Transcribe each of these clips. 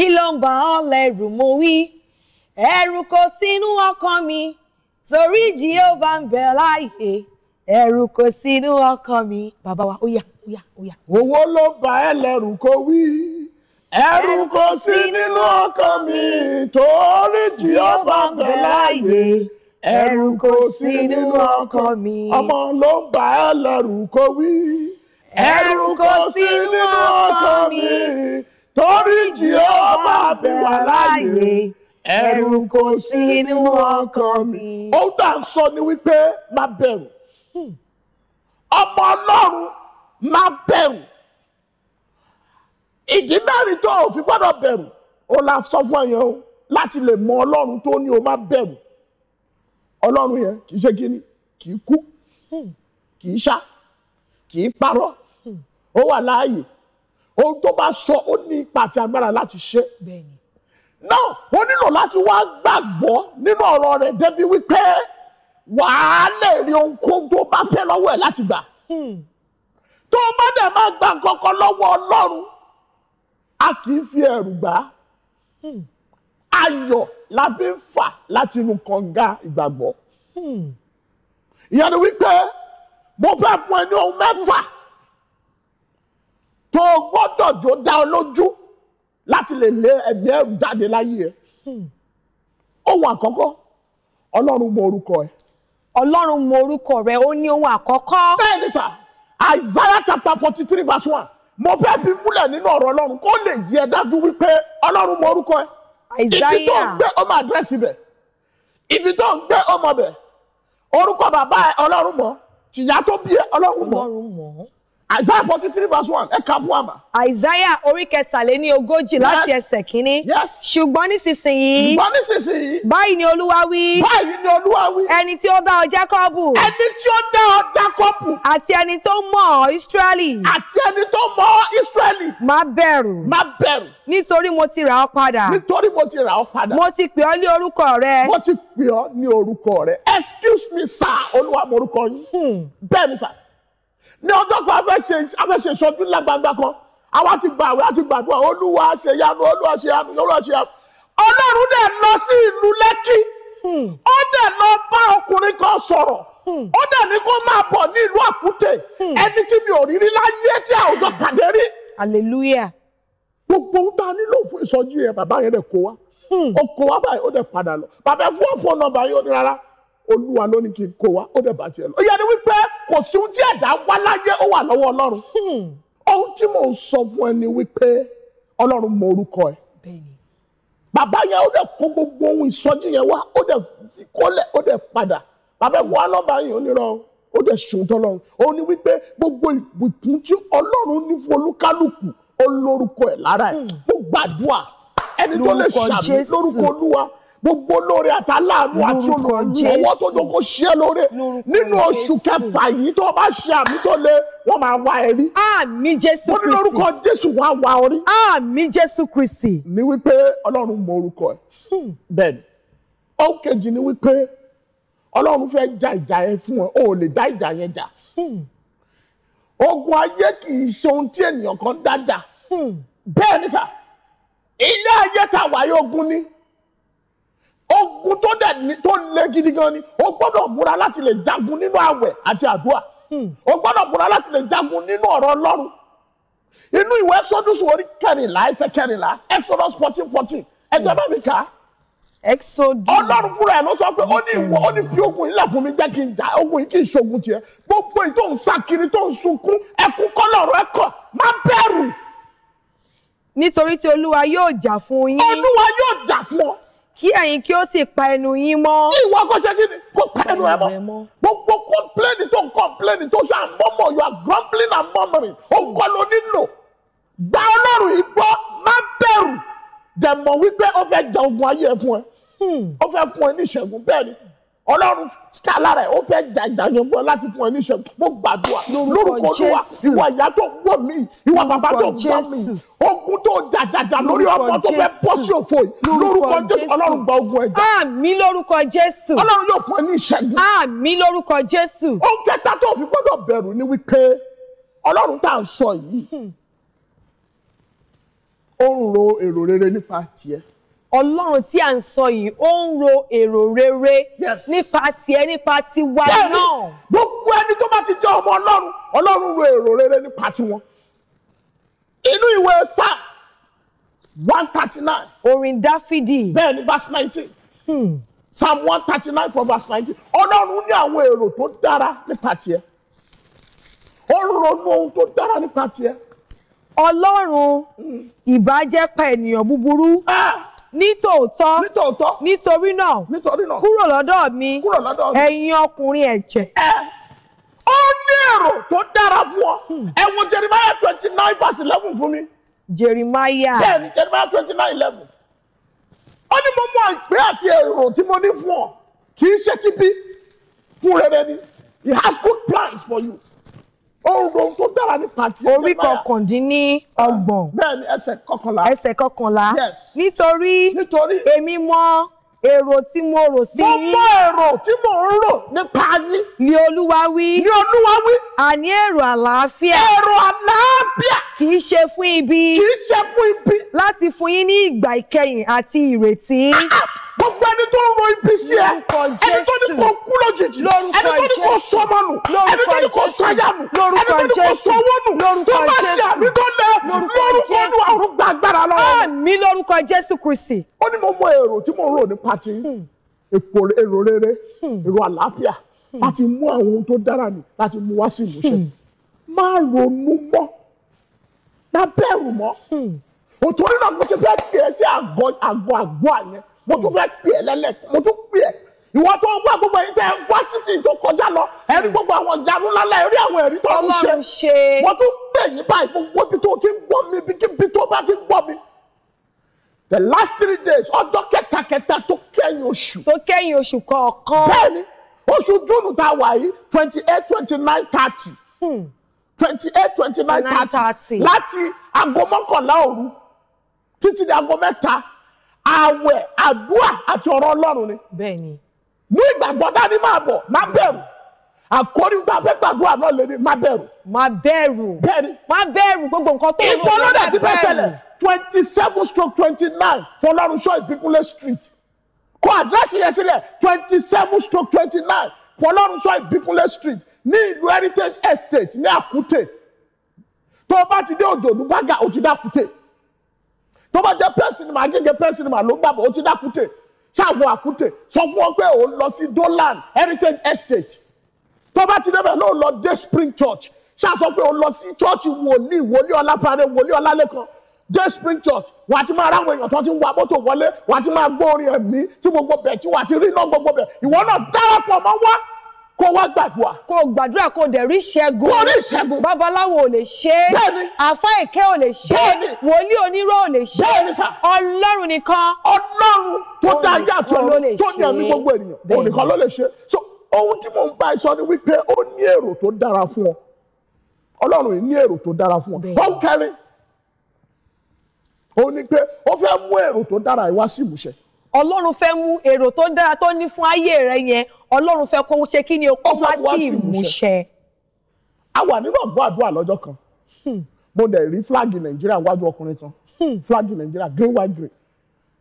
ìlọ́mbà ọ̀lẹ́rù mo wí ẹ̀rù kò sínú ọkàn mi torí Jehovah ń bẹ láàyè ẹ̀rù kò sínú ọkàn mi bàbá wa ó yá ó yá ó yá. owó ló bá ẹ lẹ́rù kó wí ẹ̀rù kò sí nínú ọkàn mi torí Jehovah ń bẹ láàyè ẹ̀rù kò sí nínú ọkàn mi. ọmọ ló bá ẹ lẹ́rù kó wí ẹ̀rù kò sí nínú ọkàn mi torí jìhóbà bí wà láàyè ẹ̀rù kò sí nínú ọkàn mi. ohun tá à ń sọ ni wípé má bẹ̀rù hmm. ọmọ ọlọ́run má bẹ̀rù ìdí mẹ́rin tó o fi gbọ́dọ̀ bẹ̀rù o la sọ fún ẹ̀yàn o láti lè mọ ọlọ́run tó ní o má bẹ̀rù ọlọ́run yẹn kì í ṣe kíni kì í kú hmm. kì í ṣá kì í parọ́ hmm. ó wà láàyè ohun tó bá sọ ó ní ipa àti agbára láti ṣe náà ó nílò láti wá gbàgbọ́ nínú ọ̀rọ̀ rẹ̀ débi wípé wàá lè rí ohunkóhun tó bá fẹ́ lọ́wọ́ ẹ̀ láti gbà hmm. tó bá dẹ̀ máa gba nǹkan kan lọ́wọ́ Ọlọ́run a kì í fi ẹ̀rù gbà á hmm. ayọ̀ la fi ń fà láti inú kànga ìgbàgbọ́ hmm. ìyẹn ni wípé mo fẹ́ fún ẹ ní ohun mẹ́fà. Hmm tó gbọ́dọ̀ jó dá ọ lójú láti lè lé ẹ̀mí ẹ̀rù jáde láyé ẹ. Hmm. ohun àkọ́kọ́ ọlọ́run mọ orúkọ ẹ. ọlọ́run mọ orúkọ rẹ ó ní ohun àkọ́kọ́. bẹ́ẹ̀ ni sà Isaiah chapter forty three verse one mo fẹ́ fi múlẹ̀ nínú ọ̀rọ̀ ọlọ́run kó lè yí ẹ dájú wípé ọlọ́run mọ orúkọ ẹ. Isaiah ibi tó ń gbé ọmọ àdírẹ́sì bẹ̀ ibi tó ń gbé ọmọ bẹ̀ orúkọ bàbá ẹ ọlọ́run mọ̀ tìyá tó bí ẹ ọlọ́run mọ̀ Isaiah forty three verse one ẹ kà fún àmà. Isaiah orí kẹtàléní ogójì láti ẹsẹ̀ kínní. Yes. Ṣùgbọ́n nísinsìnyí. Ṣùgbọ́n nísinsìnyí. Báyìí ni Olúwa wí. Báyìí ni Olúwa wí. Ẹni tí ó dá ọ Jákọ́bù. Ẹni tí ó dá ọ Jákọ́bù. Àti ẹni tó mọ̀ ọ́ Ísírẹ́lì. Àti ẹni tó mọ̀ ọ́ Ísírẹ́lì. Má bẹ̀rù. Má bẹ̀rù. Nítorí mo ti rà ọ́ padà. Nítorí mo ti rà ọ́ padà. Mo ti pè ọ́ ní orúkọ rẹ. Mo ti pè ọ́ ní orúkọ Excuse me sir, Olúwa mo orúkọ yín. Hmm. sir ní ọjọ́ kan afẹ́ṣe ìṣọdún lágbàgbà kan àwa ti gba àwẹ̀ àti gbàdúrà olúwa ṣèyanu olúwa ṣèyanu olúwa ṣèyanu ọlọ́run dẹ̀ lọ sí ìlú lẹ́kì hmm. ó dẹ̀ lọ bá ọkùnrin kan sọ̀rọ̀ hmm. ó dẹ̀ ní kó máa bọ̀ ní ìlú àkúté hmm. ẹni tí mi ò rí rí láyé tí àwùjọ pàdé rí. hallelujah. gbogbo ohun tá a nílò fún ìsọjí yẹn bàbá yẹn dẹ̀ kó wa ó kó wa báyìí ó dẹ̀ padà lọ bàbá ẹ fún ọ̀fọ̀ nọ́mbà yìí ó ní rárá olúwa ló ní kí n kó wa ó dẹ̀ bàjẹ́ lọ. ìyá ni wípé kò sí ohun tí ẹ̀dá wá láyé ó wà lọ́wọ́ ọlọ́run hmm. ohun tí mò ń sọ fún ẹ ni wípé ọlọ́run mọ orúkọ ẹ bàbá yẹn ó dẹ̀ kó gbogbo ohun ìsọjí yẹn wá ó dẹ̀ fi kólẹ̀ ó dẹ̀ padà bàbá ẹ̀ fún wa nọ́mbà yìí onírọ̀ ó dẹ̀ ṣòun tọ́lọ́run òun ni wípé gbogbo ìbùkún tí ọlọ́run ní fún olúkálùkù ó lórúkọ ẹ̀ lára ẹ̀ ó hmm. gbàdúrà ẹni tó lè ṣàmì lórúkọ olúwa gbogbo lóore àtàláàánú àti olùrànlọ́wọ́ tó jọ kó ṣe é lóore nínú oṣù kẹfà yìí tó bá ṣe àmì tó le wọ́n máa wá ẹ rí. àmín jésù kristi. wọ́n ní lórúkọ jésù wá wá ọ rí. àmín jésù kristi. ni wípé ọlọ́run mọ orúkọ ẹ hmm. bẹ́ẹ̀ ni ó kejì ni wípé ọlọ́run fẹ́ ja ìjà yẹn fún ẹ o ò lè dá ìjà yẹn jà. Hmm. ogun ayé kì í ṣe ohun tí ènìyàn kan dá hmm. bẹ́ẹ̀ ni sà ilé ayé tá wáyé ogun ni ogun tó dẹ̀ tó le gidi gan ni o gbọ́dọ̀ múra láti lè jagun nínú àwẹ̀ àti àdúrà hmm. o gbọ́dọ̀ múra láti lè jagun nínú ọ̀rọ̀ Ọlọ́run inú ìwé exodus orí kẹrìnlá ẹsẹ̀ kẹrìnlá exodus fourteen fourteen ẹjọ́ bá mi kà á. Exodus. Ọlọ́run fúnra ẹ̀ ló sọ pé ó ní ìwọ ó ní fi ogun yìí lẹ̀ fún mi jẹ́ kí n jà ogun yìí kì í ṣogun tiẹ̀ gbogbo èyí tó ń sá kiri tó ń sunkún ẹkún kọ́lọ́rọ̀ ẹ̀kọ́ má bẹ̀rù. Nítorí tí Olúwa yóò jà fún yín. Olúwa yóò jà fún ọ kí ẹ̀yin kí ó sì pa ẹnu yín mọ́. ìwọ kò ṣe kí ni kò pa ẹnu ẹ mọ́ gbogbo kọ́ńpléènì tó kọ́ńpléènì tó ṣe àmọ́mọ́ you are grumbling and murmuring ó ń kọ́ ló nílò gba ọlọ́run yìí gbọ́ má bẹ̀rù dẹ̀ mọ̀ wípé ó fẹ́ ja ogun ayé ẹ fún ẹ hmm. ó fẹ́ fún ẹ ní ìṣẹ́gun bẹ́ẹ̀ ni ọlọ́run ká lára ẹ̀ ó fẹ́ jà ìjàyẹn fún láti fún ẹ níṣẹ́ mo gbàdúrà lórúkọ olúwa ìwà ìyá tó wọ̀ mí ìwà bàbá tó gbà mí ogun tó jàjàjà lórí ọmọ tó fẹ́ bọ́ sí òfò yìí lórúkọ jésù ọlọ́run gba ogun ẹja. àmín lórúkọ jésù. ọlọ́run yóò fún ẹ ní ìṣẹ́gun. àmín lórúkọ jésù. ohun kẹta tó fi gbọ́dọ̀ bẹ̀rù ni wípé ọlọ́run tá à ń sọ yìí ó ń ro èrò rere nípa tiẹ̀ ọlọ́run tí à ń sọ yìí ó ń ro èrò rere nípa tiẹ̀ nípa tiwa náà. gbogbo ẹni tó bá ti jẹ́ ọmọ ọlọ́run ọlọ́run ro èrò rere nípa tiwọn. inú ìwé sáà one thirty nine. orin dáfídì. bẹ́ẹ̀ ni verse nineteen. Hmm. psalm one thirty nine for verse nineteen. ọlọ́run ní àwọn èrò tó dára nípa tiẹ̀. ó ronú ohun tó dára nípa tiẹ̀. ọlọ́run hmm. ìbá jẹ́ pa ènìyàn búburú. Ah ní tòótọ́ nítorí náà kúrò lọ́dọ̀ mi ẹ̀yin ọkùnrin ẹ̀jẹ̀. ó ní èrò tó dára fún ọ hmm. ẹ wo Jeremiah twenty nine verse eleven fún mi. Jeremiah bẹ́ẹ̀ ni Jeremiah twenty nine eleven ó ní mo mọ ìpè àti èrò tí mo ní fún ọ kì í ṣe ti bí fún rere ni he has good plans for you ohun tó dára nípa ti ẹgbẹ́ náà orí kọkàndínlọ́gbọ̀n bẹ́ẹ̀ni ẹsẹ̀ kọkànlá ẹsẹ̀ kọkànlá nítorí èmi mọ̀ èrò tí mo rò sí yín mo mọ̀ èrò tí mo ń rò nípa yín ni olúwa wí ni olúwa wí àní èrò àlàáfíà èrò àlàáfíà kì í ṣe fún ibi kì í ṣe fún ibi láti fún yín ní ìgbà ìkẹyìn àti ìrètí. Ah, ah ẹni tó ń ro ibi sí ẹ ẹni tó ní kó kú lójijì ẹni tó ní kó sọmọ nù ẹni tó ní kó sọjà nù ẹni tó ní kó sọwọ́ nù tó bá ṣe àmì tó lẹ lórúkọ ní àrùn gbàgbára lọ. àmì lórúkọ Jésù Kristi. ó ní mo mọ èrò tí mo ń rò nípa ti hmm. èrò rere hmm. èrò àlàáfíà hmm. láti mú àwọn ohun tó dára nù láti mú wá sí ìmúṣẹ má ronú mọ́ má mọ́ òtún orí náà kí ẹ ṣe àgọ́ àgọ́ àyẹn mo tún fẹ́ pè ẹ́ lẹ́lẹ̀ mo tún pè ẹ́ ìwọ tó ń gbà gbogbo yìí tẹ ẹ wá títí tó kọjá lọ ẹ gbogbo àwọn ìyanu lálẹ́ ẹ àwọn ẹ̀rí tó ń ṣe mo tún pè yín báyìí gbogbo ibi tó ti ń gbọ́ mi ibi tó bá ti ń gbọ́ mi the last three days ọjọ́ kẹtàkẹtà tó kẹ́yìn oṣù. tó kẹ́yìn oṣù kọ̀ọ̀kan. bẹ́ẹ̀ni oṣù júùnù tá a wà yìí twenty eight twenty nine thirty. Hmm. twenty eight twenty nine thirty láti aago mọ́kànlá òru títí di aago mẹ́ta àwẹ̀ àdúà àti ọ̀rọ̀ ọlọ́run ni. bẹ́ẹ̀ni. mú ìgbàgbọ́ dání máa bọ̀ má bẹ̀rù àkórí tó a fẹ́ gbàdúrà náà lé ní má bẹ̀rù. má bẹ̀rù. bẹ́ẹ̀ni. má bẹ̀rù gbogbo nǹkan tó ń lò ní bẹ̀rù. ìpolódà ti fẹ́ ṣẹlẹ̀ twenty seven stroke twenty nine fọlọ́runṣọ́ ìbíkúnlé street kọ àdírẹ́sì yẹn sílẹ̀ twenty seven stroke twenty nine fọlọ́runṣọ́ ìbíkúnlé street ní ìlú heritage estate ní àkúté tó o bá ti dé òjò òdùbágà òtí dàkúté tó bá jẹ́ pẹ́sìnìmà agége pẹ́sìnìmà ló gbàgbọ́ ó ti dá kútè ṣáàgùn àkútè sọ fún wọn pé òun lọ sí dolan heritage estate tó bá ti débẹ̀ lóun lọ dé spring church ṣáà sọ pé òun lọ sí church wòlíì wòlíì ọlápàdé wòlíì ọlálẹ́kan dé spring church wà á ti máa ráwọn èèyàn tó ti ń wa mọ́tò wọlé wà á ti máa gbọ́ orin ẹ̀mí tí gbogbo bẹ̀ tí wà á ti rí iná gbogbo bẹ̀ ìwọ náà darapọ̀ mọ́ wá kó wá gbàdúrà. kó gbàdúrà kó dẹ̀ rí ṣẹ́gun. kó rí ṣẹ́gun. babaláwo ò lè ṣe é. bẹ́ẹ̀ni. àfa èké ò lè ṣe é. bẹ́ẹ̀ni. wòlíì oníró ò lè ṣe é. bẹ́ẹ̀ni sà. ọlọ́run nìkan. ọlọ́run tó dá ayé àti ọ̀run tó ní ẹ̀mí gbogbo ènìyàn òun nìkan ló lè ṣe. so ohun tí mo ń bá ẹ sọ ni wípé ó ní èrò tó dára fún ọ ọlọ́run yìí ní èrò tó dára fún ọ ó ń kẹrin ó ní pé ó fẹ́ mú èrò tó dára ìwá sí ìmúṣẹ. ọlọ́run fẹ́ mú èrò tó dára tó ní fún ayé rẹ yẹn ọlọ́run fẹ́ kó ṣe kí ni o kó wá sí ìmúṣẹ. a wà nínú àgọ́ àdúrà lọ́jọ́ kan hmm. mo dẹ̀ rí Flag nàìjíríà wájú ọkùnrin tán hmm. fúláàgì nàìjíríà green white green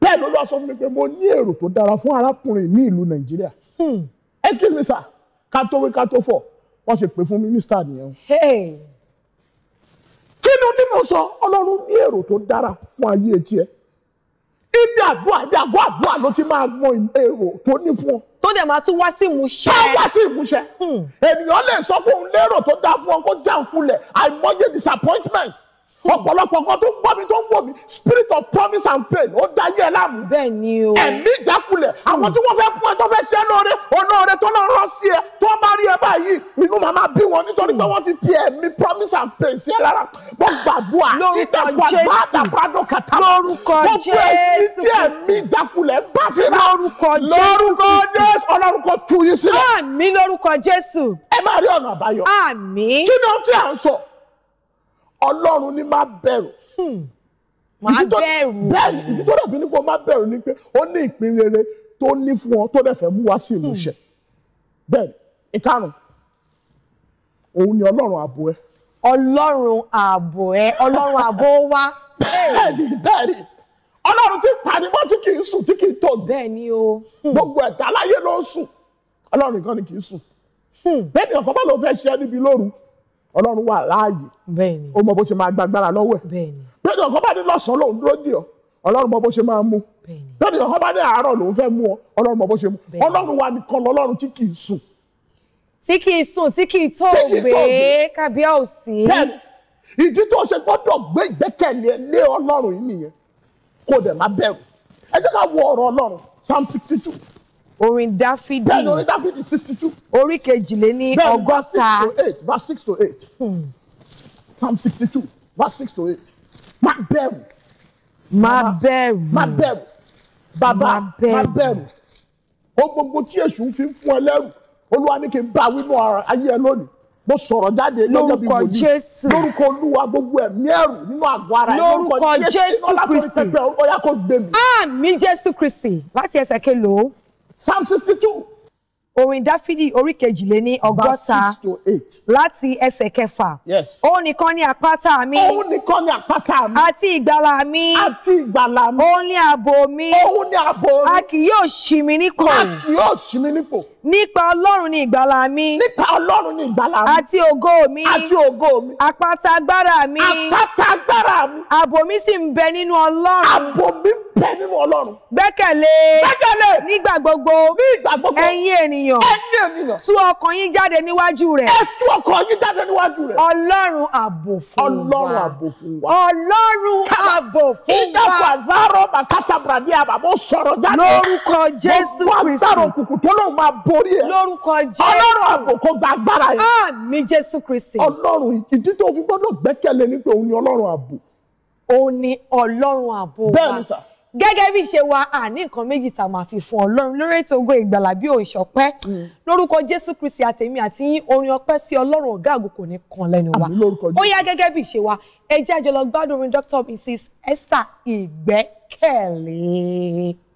bẹ́ẹ̀ ló lọ sọ fún mi pé mo ní èrò tó dára fún arákùnrin ní ìlú nàìjíríà hmm. excuse me sir ká tó wí ká tó fọ̀ wọ́n ṣe pè fún mínísítà nìyẹn. kí ni tí mo sọ ọlọ́run ní èrò tó dára fún ayé tiẹ̀ ibi àdúrà ibi àgọ́ ló ti máa mọ èrò tó ní fún ọ tó dẹ̀ máa tún wá sí ìmúṣẹ. ká wá sí ìmúṣẹ hmm. ènìyàn lè sọ fún un lérò tó dáa fún ọ kó já òkulẹ̀ àìmọye disappointment ọ̀pọ̀lọpọ̀ kan tó ń gbọ́ mi tó ń wò mí spirit of promise and pain ó da ayé ẹ láàmú. bẹ́ẹ̀ ni o. ẹ̀mí ìjákulẹ̀ hmm. àwọn tí wọ́n fẹ́ fún ẹ tó fẹ́ ṣe lóore olóore tó lọ rán sí ẹ tó bá rí ẹ báyìí inú màmá bí wọn nítorí pé hmm. wọ́n ti fi ẹ̀mí promise and pain sí ẹ lára wọ́n gbàdúrà ìdàgbà bàdà bàdó kàtà. lórúkọ jésù gbogbo ẹni tí ẹ̀mí ìjákulẹ̀ bá fi rà lórúkọ jésù ọlọ́run kò tú yín sílẹ̀. àmín lórúkọ jésù. ẹ máa rí ọ̀nà àbáyọ. àmín. kí ni ohun tí à ń sọ? ọlọ́run ní má bẹ̀rù. Hmm. má bẹ̀rù. bẹ́ẹ̀ni ìdí tó dẹ̀ fi ní kó má bẹ̀rù ni pé ó ní ìpín rere tó ní fún ọ tó dẹ̀ fẹ́ mú wá sí hmm. ìmúṣẹ. bẹ́ẹ̀ni ìkarùn òun ni ọlọ́run ààbò ẹ. ọlọ́run ààbò ẹ ọlọ́run ààbò wa. bẹ́ẹ̀ni bẹ́ẹ̀ni ọlọ́run ti panimọ́ tí kì í sùn tí kì í tọ̀. bẹ́ẹ̀ni o. Hmm. gbogbo ẹ̀dá aláyé ló ń sùn ọlọ́run nìkan ni kì í sùn. bẹ́ẹ̀ni ọ̀kan bá ló fẹ́ ṣe níbi lóru ọlọ́run wà láàyè ó mọ bó ṣe máa gbàgbára lọ́wọ́ ẹ̀ pété ọkọ bá dé lọ́sàn-án lòun dúró dì ọ́ ọlọ́run mọ bó ṣe máa mú pété ọkọ bá dé àárọ̀ lòun fẹ́ mú ọ ọlọ́run mọ bó ṣe mú ọlọ́run wà nìkan lọ́lọ́run tí kì í sùn. tí kì í sùn tí kì í tó gbé kábíyà ò sí. bẹ́ẹ̀ni ìdí tó ṣe gbọ́dọ̀ gbé ìgbẹ́kẹ̀lé lé ọlọ́run yìí nìyẹn kó dẹ̀ má bẹ̀rù ẹ jẹ́ ká wo ọ̀rọ̀ ọlọ́run psalm sixty two orin dáfídì bẹ́ẹ̀ni orin dáfídì sixty two orí kejìléní to bẹ́ẹ̀ni verse six to eight hmm. psalm sixty two verse six to eight má bẹ̀rù má bẹ̀rù má bẹ̀rù bàbá má bẹ̀rù ó gbogbo tí èṣù fi ń fún ẹ lẹ́rù olúwa ní kí n bá wínú ayé ẹ lórúkọ mo sọ̀rọ̀ jáde lọ́jọ́ bí mo yí lórúkọ olúwa gbogbo ẹ̀mí ẹ̀rù nínú àgọ́ ara ẹ̀ lórúkọ jésù kristi ọ̀yà kò gbé mi. àmín jésù kristi láti ẹsẹ̀ kelo psalm sixty two. orin dáfídì orí kejìléní ọgọ́ta láti ẹsẹ̀ kẹfà òun nìkan ni àpáta mi òun nìkan ni àpáta mi àti ìgbàlà mi àti ìgbàlà mi òun ni ààbò mi òun ni ààbò mi a kì yóò ṣì mí nípò a kì yóò ṣì nípò. Nípa Ọlọ́run ni ìgbàlà mi. Nípa Ọlọ́run ni ìgbàlà mi. Àti ògo mi. Àti ògo mi. Àpáta agbára mi. Àpáta agbára mi. Ààbò mi sì ń bẹ nínú Ọlọ́run. Ààbò mi ń bẹ nínú Ọlọ́run. Gbẹ́kẹ̀lé. Gbẹ́kẹ̀lé. Nígbà gbogbo. Nígbà gbogbo. Ẹ̀yin ènìyàn. Ẹ̀yin ènìyàn. Tú ọkàn yín jáde níwájú rẹ̀. Ẹ tú ọkàn yín jáde níwájú rẹ̀. Ọlọ́run ààbò fún wa. Ọlọ́run ààbò fún wa. Ọlọ́run ààbò orí ẹ lórúkọ jésù ọlọ́run ààbò kó gba agbára yẹn àmì jésù kristi ọlọ́run ìdí tó fi gbọ́dọ̀ gbẹ́kẹ̀lé ni pé òun ni ọlọ́run ààbò. òun ni ọlọ́run ààbò wa bẹ́ẹ̀ sà gẹ́gẹ́ bí ṣe wa àní nǹkan méjì tá a máa fi fún ọlọ́run lórí ètò ògo ìgbàlà bí òun ṣọpẹ́ mm. lórúkọ jésù kristi àtẹ̀mí àti yín orin ọpẹ́ sí ọlọ́run ọ̀gá àgùn kò ní kan lẹ́nu wa ó yá gẹ́gẹ́ bí ṣe wa ẹ jẹ́ àjọlọ gbádùn orin dr mrs esther ìgbẹ́kẹ̀lé.